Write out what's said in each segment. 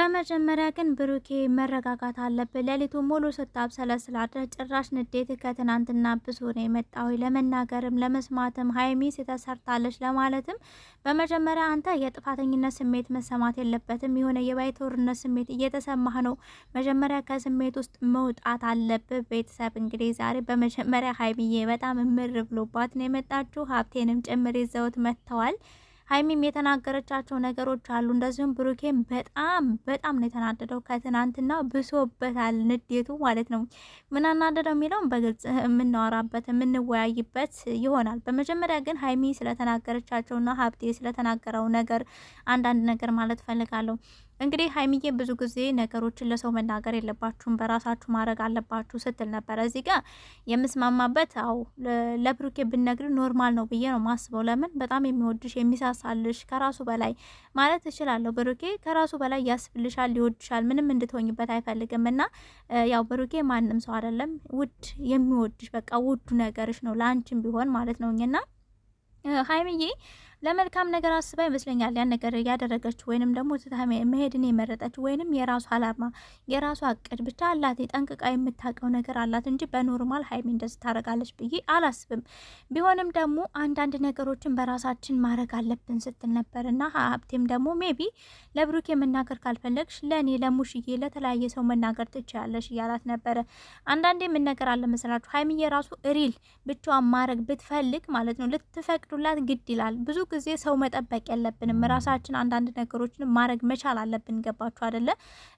በመጀመሪያ ግን ብሩኬ መረጋጋት አለብ ሌሊቱ ሙሉ ስታብ ስለስላድረ ጭራሽ ንዴት ከትናንትና ብሶ ነው ሆይ ለመናገርም ለመስማትም ሀይሚስ የተሰርታለች ለማለትም በመጀመሪያ አንተ የጥፋተኝነት ስሜት መሰማት የለበትም። የሆነ የባይቶርነት ስሜት እየተሰማህ ነው። መጀመሪያ ከስሜት ውስጥ መውጣት አለብህ። ቤተሰብ እንግዲህ ዛሬ በመጀመሪያ ሀይሚዬ በጣም እምር ብሎባት ነው የመጣችሁ። ሀብቴንም ጭምር ይዘውት መጥተዋል። ሀይሚም የተናገረቻቸው ነገሮች አሉ። እንደዚሁም ብሩኬም በጣም በጣም ነው የተናደደው። ከትናንትና ብሶበታል፣ ንዴቱ ማለት ነው። ምን አናደደው የሚለውም በግልጽ የምናወራበት የምንወያይበት ይሆናል። በመጀመሪያ ግን ሀይሚ ስለተናገረቻቸውና ሀብቴ ስለተናገረው ነገር አንዳንድ ነገር ማለት ፈልጋለሁ። እንግዲህ ሀይሚዬ ብዙ ጊዜ ነገሮችን ለሰው መናገር የለባችሁም በራሳችሁ ማድረግ አለባችሁ ስትል ነበረ። እዚህ ጋር የምስማማበት አው ለብሩኬ ብነግር ኖርማል ነው ብዬ ነው ማስበው። ለምን በጣም የሚወድሽ የሚሳሳልሽ ከራሱ በላይ ማለት እችላለሁ። ብሩኬ ከራሱ በላይ ያስብልሻል፣ ይወድሻል፣ ምንም እንድትሆኝበት አይፈልግም። እና ያው ብሩኬ ማንም ሰው አይደለም፣ ውድ የሚወድሽ በቃ ውዱ ነገርሽ ነው ለአንቺም ቢሆን ማለት ነው ሀይምዬ ለመልካም ነገር አስባ ይመስለኛል ያን ነገር ያደረገች ወይንም ደግሞ ትታ መሄድን የመረጠች ወይንም የራሱ አላማ የራሱ አቅድ ብቻ አላት። ጠንቅቃ የምታውቀው ነገር አላት እንጂ በኖርማል ሀይሚ እንደዚህ ታደርጋለች ብዬ አላስብም። ቢሆንም ደግሞ አንዳንድ ነገሮችን በራሳችን ማድረግ አለብን ስትል ነበር እና ሀብቴም ደግሞ ሜቢ ለብሩኬ መናገር ካልፈለግሽ ለእኔ ለሙሽዬ ለተለያየ ሰው መናገር ትችያለሽ እያላት ነበረ። አንዳንዴ ምን ነገር አለ መሰላችሁ ሀይሚ የራሱ ሪል ብቻዋን ማድረግ ብትፈልግ ማለት ነው ልትፈቅዱላት ግድ ይላል ብዙ ጊዜ ሰው መጠበቅ የለብንም። ራሳችን አንዳንድ ነገሮችን ማድረግ መቻል አለብን። ገባችሁ አደለ?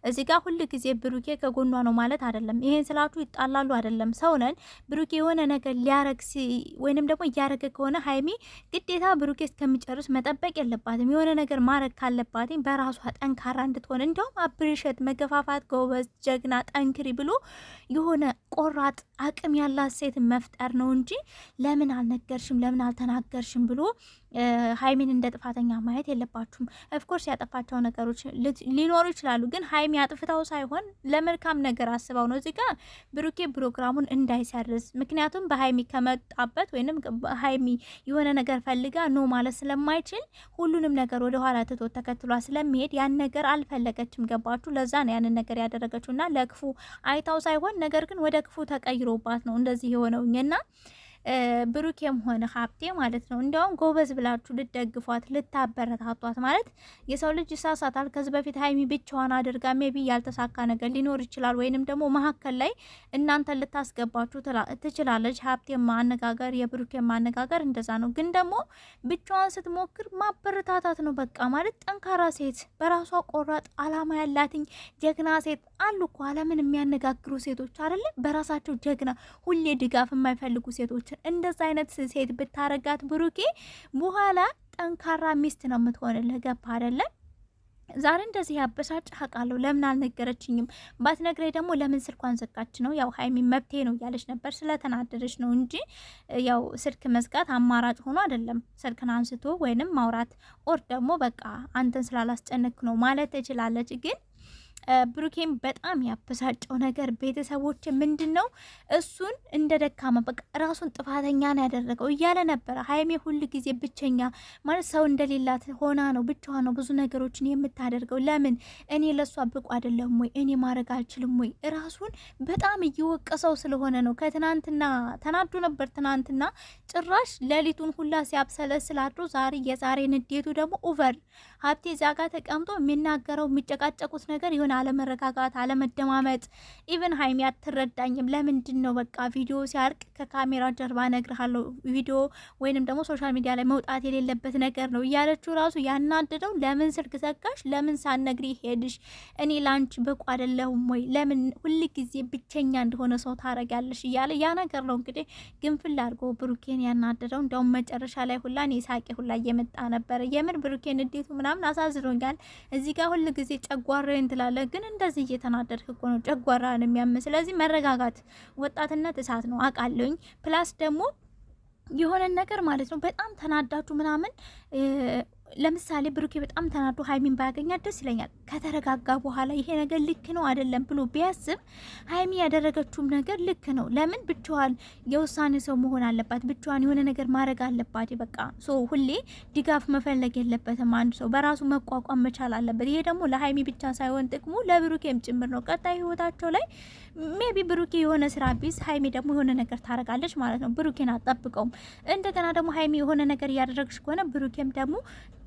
እዚህ ጋር ሁል ጊዜ ብሩኬ ከጎኗ ነው ማለት አይደለም። ይሄን ስላችሁ ይጣላሉ አይደለም። ሰው ነን። ብሩኬ የሆነ ነገር ሊያረግ ወይንም ደግሞ እያረገ ከሆነ ሀይሚ ግዴታ ብሩኬ እስከሚጨርስ መጠበቅ የለባትም። የሆነ ነገር ማድረግ ካለባትም በራሷ ጠንካራ እንድትሆን እንዲሁም አብሬሸት መገፋፋት፣ ጎበዝ፣ ጀግና፣ ጠንክሪ ብሎ የሆነ ቆራጥ አቅም ያላት ሴት መፍጠር ነው እንጂ ለምን አልነገርሽም ለምን አልተናገርሽም ብሎ ሀይሚን እንደ ጥፋተኛ ማየት የለባችሁም። ኦፍኮርስ ያጠፋቸው ነገሮች ሊኖሩ ይችላሉ፣ ግን ሀይሚ አጥፍታው ሳይሆን ለመልካም ነገር አስበው ነው። እዚህ ጋር ብሩኬ ፕሮግራሙን እንዳይሰርዝ ምክንያቱም በሀይሚ ከመጣበት ወይንም ሀይሚ የሆነ ነገር ፈልጋ ኖ ማለት ስለማይችል ሁሉንም ነገር ወደ ኋላ ተከትሏ ስለሚሄድ ያን ነገር አልፈለገችም። ገባችሁ? ለዛ ነው ያንን ነገር ያደረገችውና ለክፉ አይታው ሳይሆን ነገር ግን ወደ ክፉ ተቀይሮባት ነው እንደዚህ የሆነውኝና ብሩኬም ሆነ ሀብቴ ማለት ነው። እንዲያውም ጎበዝ ብላችሁ ልትደግፏት ልታበረታቷት። ማለት የሰው ልጅ ይሳሳታል። ከዚህ በፊት ሀይሚ ብቻዋን አድርጋ ሜቢ ያልተሳካ ነገር ሊኖር ይችላል፣ ወይንም ደግሞ መሀከል ላይ እናንተ ልታስገባችሁ ትችላለች። ሀብቴ ማነጋገር የብሩኬ ማነጋገር እንደዛ ነው። ግን ደግሞ ብቻዋን ስትሞክር ማበረታታት ነው በቃ ማለት ጠንካራ ሴት፣ በራሷ ቆራጥ አላማ ያላትኝ ጀግና ሴት አሉ እኮ ዓለምን የሚያነጋግሩ ሴቶች አይደለም በራሳቸው ጀግና ሁሌ ድጋፍ የማይፈልጉ ሴቶች እንደዛ አይነት ሴት ብታረጋት ብሩኬ በኋላ ጠንካራ ሚስት ነው የምትሆንልህ። ገባ አይደለም? ዛሬ እንደዚህ ያበሳጭ አውቃለሁ። ለምን አልነገረችኝም? ባትነግረኝ ደግሞ ለምን ስልኳን ዘጋች ነው? ያው ሀይሚ መብቴ ነው እያለች ነበር፣ ስለተናደደች ነው እንጂ ያው ስልክ መዝጋት አማራጭ ሆኖ አይደለም። ስልክን አንስቶ ወይንም ማውራት ኦር ደግሞ በቃ አንተን ስላላስጨነክ ነው ማለት ትችላለች ግን ብሩኬን በጣም ያበሳጨው ነገር ቤተሰቦች ምንድን ነው እሱን እንደ ደካማ በቃ ራሱን ጥፋተኛ ነው ያደረገው እያለ ነበረ። ሀይሜ ሁል ጊዜ ብቸኛ ማለት ሰው እንደሌላት ሆና ነው ብቻዋ ነው ብዙ ነገሮችን የምታደርገው። ለምን እኔ ለእሷ ብቁ አይደለም ወይ እኔ ማድረግ አልችልም ወይ? ራሱን በጣም እየወቀሰው ስለሆነ ነው። ከትናንትና ተናዱ ነበር። ትናንትና ጭራሽ ሌሊቱን ሁላ ሲያብሰለ ስላድሮ ዛሬ የዛሬ ንዴቱ ደግሞ ኦቨር ሀብቴ እዚያ ጋር ተቀምጦ የሚናገረው የሚጨቃጨቁት ነገር የሆነ አለመረጋጋት፣ አለመደማመጥ ኢቨን ሀይሚ አትረዳኝም። ለምንድን ነው በቃ ቪዲዮ ሲያርቅ ከካሜራ ጀርባ እነግርሃለሁ ቪዲዮ ወይንም ደግሞ ሶሻል ሚዲያ ላይ መውጣት የሌለበት ነገር ነው እያለችው ራሱ ያናደደው ለምን ስልክ ዘጋሽ? ለምን ሳነግሪ ሄድሽ? እኔ ላንቺ ብቁ አይደለሁም ወይ? ለምን ሁል ጊዜ ብቸኛ እንደሆነ ሰው ታረጊያለሽ? እያለ ያ ነገር ነው እንግዲህ ግንፍል አድርጎ ብሩኬን ያናደደው። እንደውም መጨረሻ ላይ ሁላ እኔ ሳቄ ሁላ እየመጣ ነበረ የምን ብሩኬን እንዴቱ ምና ምናምን አሳዝኖኛል። እዚህ ጋር ሁል ጊዜ ጨጓራ እንትላለ፣ ግን እንደዚህ እየተናደድክ እኮ ነው ነው የሚያም። ስለዚህ መረጋጋት። ወጣትነት እሳት ነው አውቃለሁኝ። ፕላስ ደግሞ የሆነ ነገር ማለት ነው በጣም ተናዳችሁ ምናምን ለምሳሌ ብሩኬ በጣም ተናዶ ሀይሚን ባያገኛት ደስ ይለኛል። ከተረጋጋ በኋላ ይሄ ነገር ልክ ነው አይደለም ብሎ ቢያስብ ሀይሚ ያደረገችውም ነገር ልክ ነው። ለምን ብቻዋን የውሳኔ ሰው መሆን አለባት? ብቻዋን የሆነ ነገር ማድረግ አለባት። በቃ ሶ ሁሌ ድጋፍ መፈለግ የለበትም። አንድ ሰው በራሱ መቋቋም መቻል አለበት። ይሄ ደግሞ ለሀይሚ ብቻ ሳይሆን ጥቅሙ ለብሩኬም ጭምር ነው። ቀጣይ ህይወታቸው ላይ ሜቢ ብሩኬ የሆነ ስራ ቢስ ሀይሚ ደግሞ የሆነ ነገር ታረጋለች ማለት ነው። ብሩኬን አጠብቀውም። እንደገና ደግሞ ሀይሚ የሆነ ነገር እያደረግሽ ከሆነ ብሩኬም ደግሞ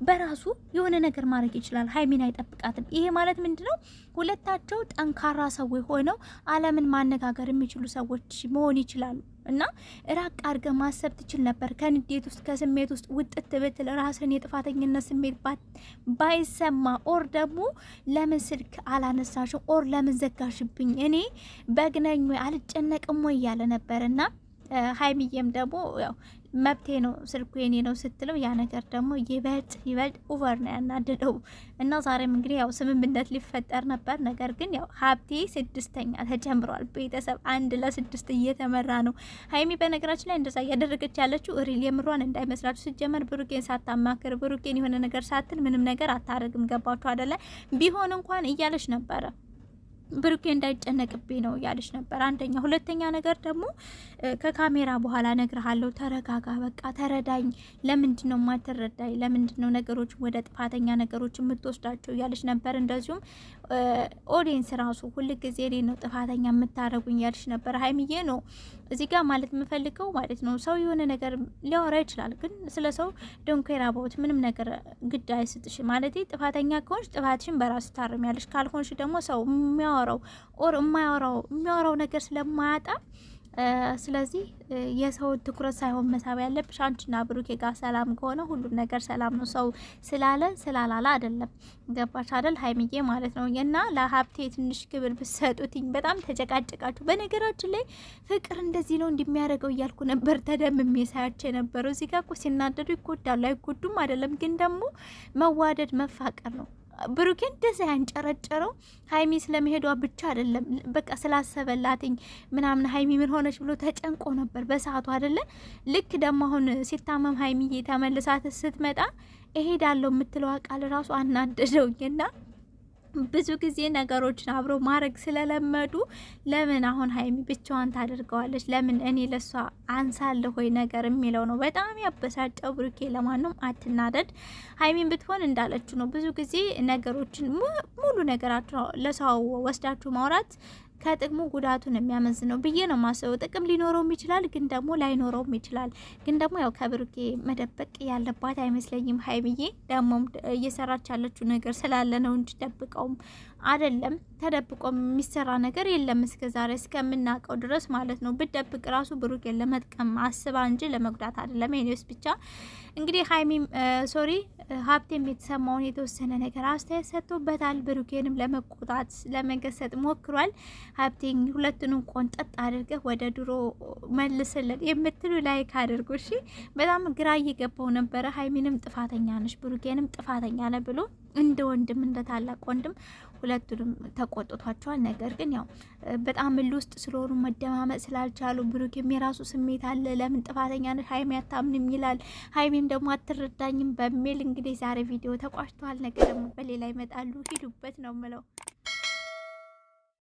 በራሱ የሆነ ነገር ማድረግ ይችላል። ሀይሚን አይጠብቃትም። ይሄ ማለት ምንድን ነው? ሁለታቸው ጠንካራ ሰው ሆነው ዓለምን ማነጋገር የሚችሉ ሰዎች መሆን ይችላሉ። እና ራቅ አድርገ ማሰብ ትችል ነበር። ከንዴት ውስጥ ከስሜት ውስጥ ውጥት ብትል ራስን የጥፋተኝነት ስሜት ባይሰማ፣ ኦር ደግሞ ለምን ስልክ አላነሳሽም፣ ኦር ለምን ዘጋሽብኝ፣ እኔ በግነኝ አልጨነቅም ወይ እያለ ነበር እና ሀይሚዬም ደግሞ ያው መብቴ ነው ስልኩ የኔ ነው ስትለው ያ ነገር ደግሞ ይበልጥ ይበልጥ ኦቨር ነው ያናደደው። እና ዛሬም እንግዲህ ያው ስምምነት ሊፈጠር ነበር። ነገር ግን ያው ሀብቴ ስድስተኛ ተጨምሯል። ቤተሰብ አንድ ለስድስት እየተመራ ነው። ሀይሚ በነገራችን ላይ እንደዛ እያደረገች ያለችው ሪል የምሯን እንዳይመስላችሁ። ስጀመር ብሩኬን ሳታማክር ብሩኬን የሆነ ነገር ሳትል ምንም ነገር አታደርግም። ገባችሁ አደለ? ቢሆን እንኳን እያለች ነበረ ብሩኬ እንዳይጨነቅብኝ ነው እያለች ነበር። አንደኛ ሁለተኛ ነገር ደግሞ ከካሜራ በኋላ ነግርሃለሁ፣ ተረጋጋ፣ በቃ ተረዳኝ። ለምንድን ነው ማትረዳኝ? ለምንድን ነው ነገሮች ወደ ጥፋተኛ ነገሮች የምትወስዳቸው? እያለች ነበር። እንደዚሁም ኦዲንስ ራሱ ሁል ጊዜ እኔ ነው ጥፋተኛ የምታደረጉኝ እያለች ነበር። ሀይሚዬ ነው እዚህ ጋር ማለት የምፈልገው ማለት ነው። ሰው የሆነ ነገር ሊያወራ ይችላል፣ ግን ስለ ሰው ዶንኬራ ባውት ምንም ነገር ግድ አይስጥሽ ማለት ጥፋተኛ ከሆንሽ ጥፋትሽን በራሱ ታርሚያለሽ፣ ካልሆንሽ ደግሞ ሰው የሚያ የሚያወራው ኦር የማያወራው የሚያወራው ነገር ስለማያጣ ስለዚህ የሰውን ትኩረት ሳይሆን መሳብ ያለብሽ አንቺና ብሩኬ ጋር ሰላም ከሆነ ሁሉም ነገር ሰላም ነው። ሰው ስላለ ስላላለ አይደለም። ገባሽ አይደል ሀይሚዬ ማለት ነው። እና ለሀብቴ ትንሽ ክብር ብትሰጡትኝ። በጣም ተጨቃጨቃችሁ። በነገራችን ላይ ፍቅር እንደዚህ ነው እንደሚያደርገው እያልኩ ነበር ተደምሜ ሳያቸው የነበረው። እዚህ ጋር እኮ ሲናደዱ ይጎዳሉ። አይጎዱም አይደለም፣ ግን ደግሞ መዋደድ መፋቀር ነው ብሩኬን ደስ ያንጨረጨረው ሀይሚ ስለመሄዷ ብቻ አይደለም። በቃ ስላሰበላትኝ ምናምን ሀይሚ ምን ሆነች ብሎ ተጨንቆ ነበር በሰዓቱ አይደለ። ልክ ደግሞ አሁን ሲታመም ሀይሚ ተመልሳት ስትመጣ እሄዳለሁ የምትለዋ ቃል ራሱ አናደደውኝና ብዙ ጊዜ ነገሮችን አብሮ ማድረግ ስለለመዱ ለምን አሁን ሀይሚ ብቻዋን ታደርገዋለች? ለምን እኔ ለሷ አንሳለሁ ወይ ነገር የሚለው ነው በጣም ያበሳጨው። ብሩኬ ለማንም አትናደድ። ሀይሚን ብትሆን እንዳለችው ነው። ብዙ ጊዜ ነገሮችን ሙሉ ነገራቸው ለሰው ወስዳችሁ ማውራት ከጥቅሙ ጉዳቱን የሚያመዝነው ብዬ ነው ማስበው። ጥቅም ሊኖረውም ይችላል፣ ግን ደግሞ ላይኖረውም ይችላል። ግን ደግሞ ያው ከብሩኬ መደበቅ ያለባት አይመስለኝም ሀይሚዬ። ደግሞም እየሰራች ያለችው ነገር ስላለ ነው እንጂ ደብቀውም አይደለም ተደብቆ የሚሰራ ነገር የለም እስከ ዛሬ እስከምናውቀው ድረስ ማለት ነው። ብደብቅ ራሱ ብሩኬን ለመጥቀም አስባ እንጂ ለመጉዳት አይደለም። ኔስ ብቻ እንግዲህ ሀይሚ ሶሪ ሀብቴም የተሰማውን የተወሰነ ነገር አስተያየት ሰጥቶበታል። ብሩኬንም ለመቆጣት ለመገሰጥ ሞክሯል። ሀብቴኝ ሁለቱንም ቆንጠጥ አድርገህ ወደ ድሮ መልስልን የምትሉ ላይክ አድርጉ። እሺ፣ በጣም ግራ እየገባው ነበረ። ሀይሚንም ጥፋተኛ ነች ብሩጌንም ጥፋተኛ ነ ብሎ እንደ ወንድም እንደ ታላቅ ወንድም ሁለቱንም ተቆጥቷቸዋል። ነገር ግን ያው በጣም እል ውስጥ ስለሆኑ መደማመጥ ስላልቻሉ ብሩኬም የራሱ ስሜት አለ። ለምን ጥፋተኛ ነች ሀይሚ አታምንም ይላል፣ ሀይሚም ደግሞ አትረዳኝም በሚል እንግዲህ ዛሬ ቪዲዮ ተቋጭተዋል። ነገ ደግሞ በሌላ ይመጣሉ። ሂዱበት ነው ምለው።